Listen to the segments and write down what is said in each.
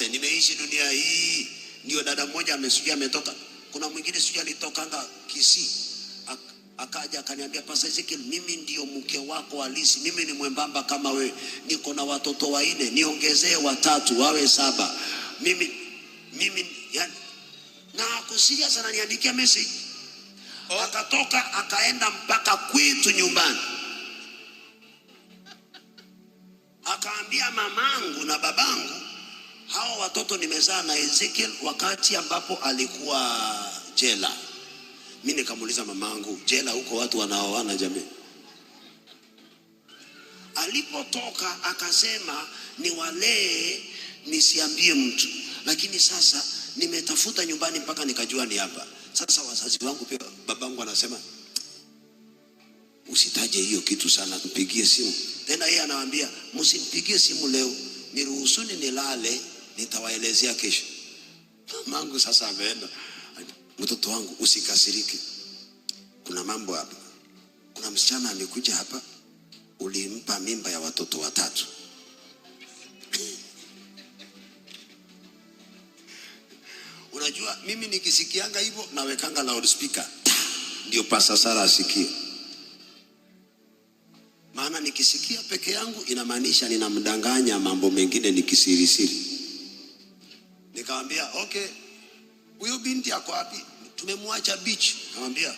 wote. Nimeishi dunia hii, ndio dada mmoja amesujia ametoka. Kuna mwingine sijui alitokanga Kisii akaja akaniambia, Pastor Ezekiel, mimi ndio mke wako halisi, mimi ni mwembamba kama wewe, niko na watoto wanne, niongezee watatu wawe saba. Mimi mimi yani, na kusiria sana, niandikia message oh. Akatoka akaenda mpaka kwetu nyumbani, akaambia mamangu na babangu Hawa watoto nimezaa na Ezekiel wakati ambapo alikuwa jela. Mimi nikamuuliza mamangu, jela huko watu wanaoana jamii? Alipotoka akasema niwalee, nisiambie mtu, lakini sasa nimetafuta nyumbani mpaka nikajua ni hapa. Sasa wazazi wangu pia, babangu anasema usitaje hiyo kitu sana, mpigie simu tena. Yeye anawaambia msimpigie simu leo, niruhusuni nilale nitawaelezea kesho. Mamangu sasa ameenda. Mtoto wangu usikasirike, kuna mambo hapa. Kuna msichana amekuja hapa, ulimpa mimba ya watoto watatu. Unajua, mimi nikisikianga hivyo nawekanga loudspeaker ndio pasa Sara asikie, maana nikisikia peke yangu inamaanisha ninamdanganya mambo mengine nikisirisiri okay, huyu binti ako wapi? Tumemwacha beach. Namwambia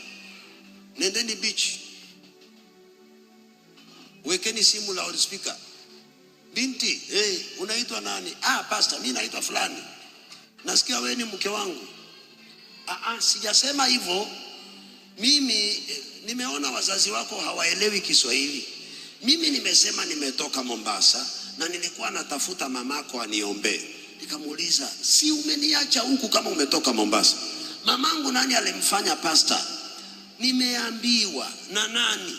nendeni beach, wekeni simu la loudspeaker. Binti, hey, unaitwa nani? Ah, pastor, mimi naitwa fulani, nasikia wewe ni mke wangu. Ah, ah, sijasema hivyo mimi. Eh, nimeona wazazi wako hawaelewi Kiswahili. Mimi nimesema nimetoka Mombasa na nilikuwa natafuta mamako aniombee Nikamuuliza, si umeniacha huku kama umetoka Mombasa? Mamangu nani alimfanya pasta? Nimeambiwa na nani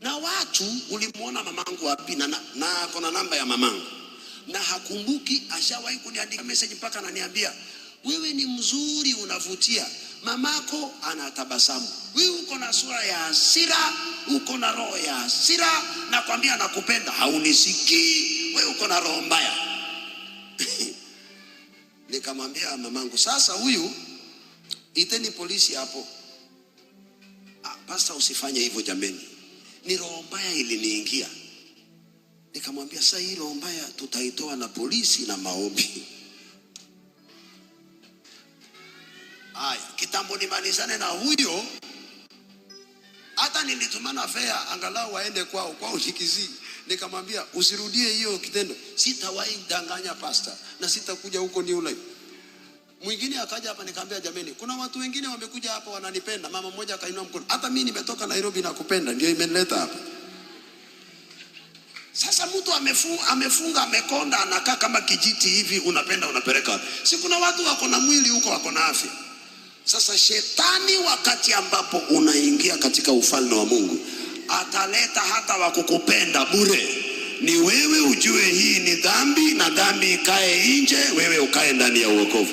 na watu. Ulimwona mamangu wapi? Na, na, na kona namba ya mamangu na hakumbuki. Ashawahi kuniandika message mpaka ananiambia wewe ni mzuri, unavutia. Mamako anatabasamu, wewe uko na sura ya hasira, uko na roho ya hasira. Nakwambia nakupenda, haunisikii. Wewe uko na roho mbaya Nikamwambia mamangu, sasa huyu iteni polisi hapo. Ah, pasta, usifanye hivyo jameni, ni roho mbaya iliniingia. Nikamwambia sasa, hii roho mbaya tutaitoa na polisi na maombi. Haya, kitambo nimalizane na huyo, hata nilitumana fea angalau waende kwao kwao Chikizi Nikamwambia usirudie hiyo kitendo, sitawahi danganya pasta na sitakuja huko New Life. Mwingine akaja hapa, nikamwambia jameni, kuna watu wengine wamekuja hapa wananipenda. Mama mmoja akainua mkono, hata mimi nimetoka Nairobi nakupenda, ndio imenileta hapa. Sasa mtu amefunga, amefunga amekonda, anakaa kama kijiti hivi, unapenda unapeleka. Si kuna watu wako na mwili huko, wako na afya. Sasa shetani, wakati ambapo unaingia katika ufalme wa Mungu ataleta hata wa kukupenda bure. Ni wewe ujue hii ni dhambi, na dhambi ikae nje, wewe ukae ndani ya uokovu.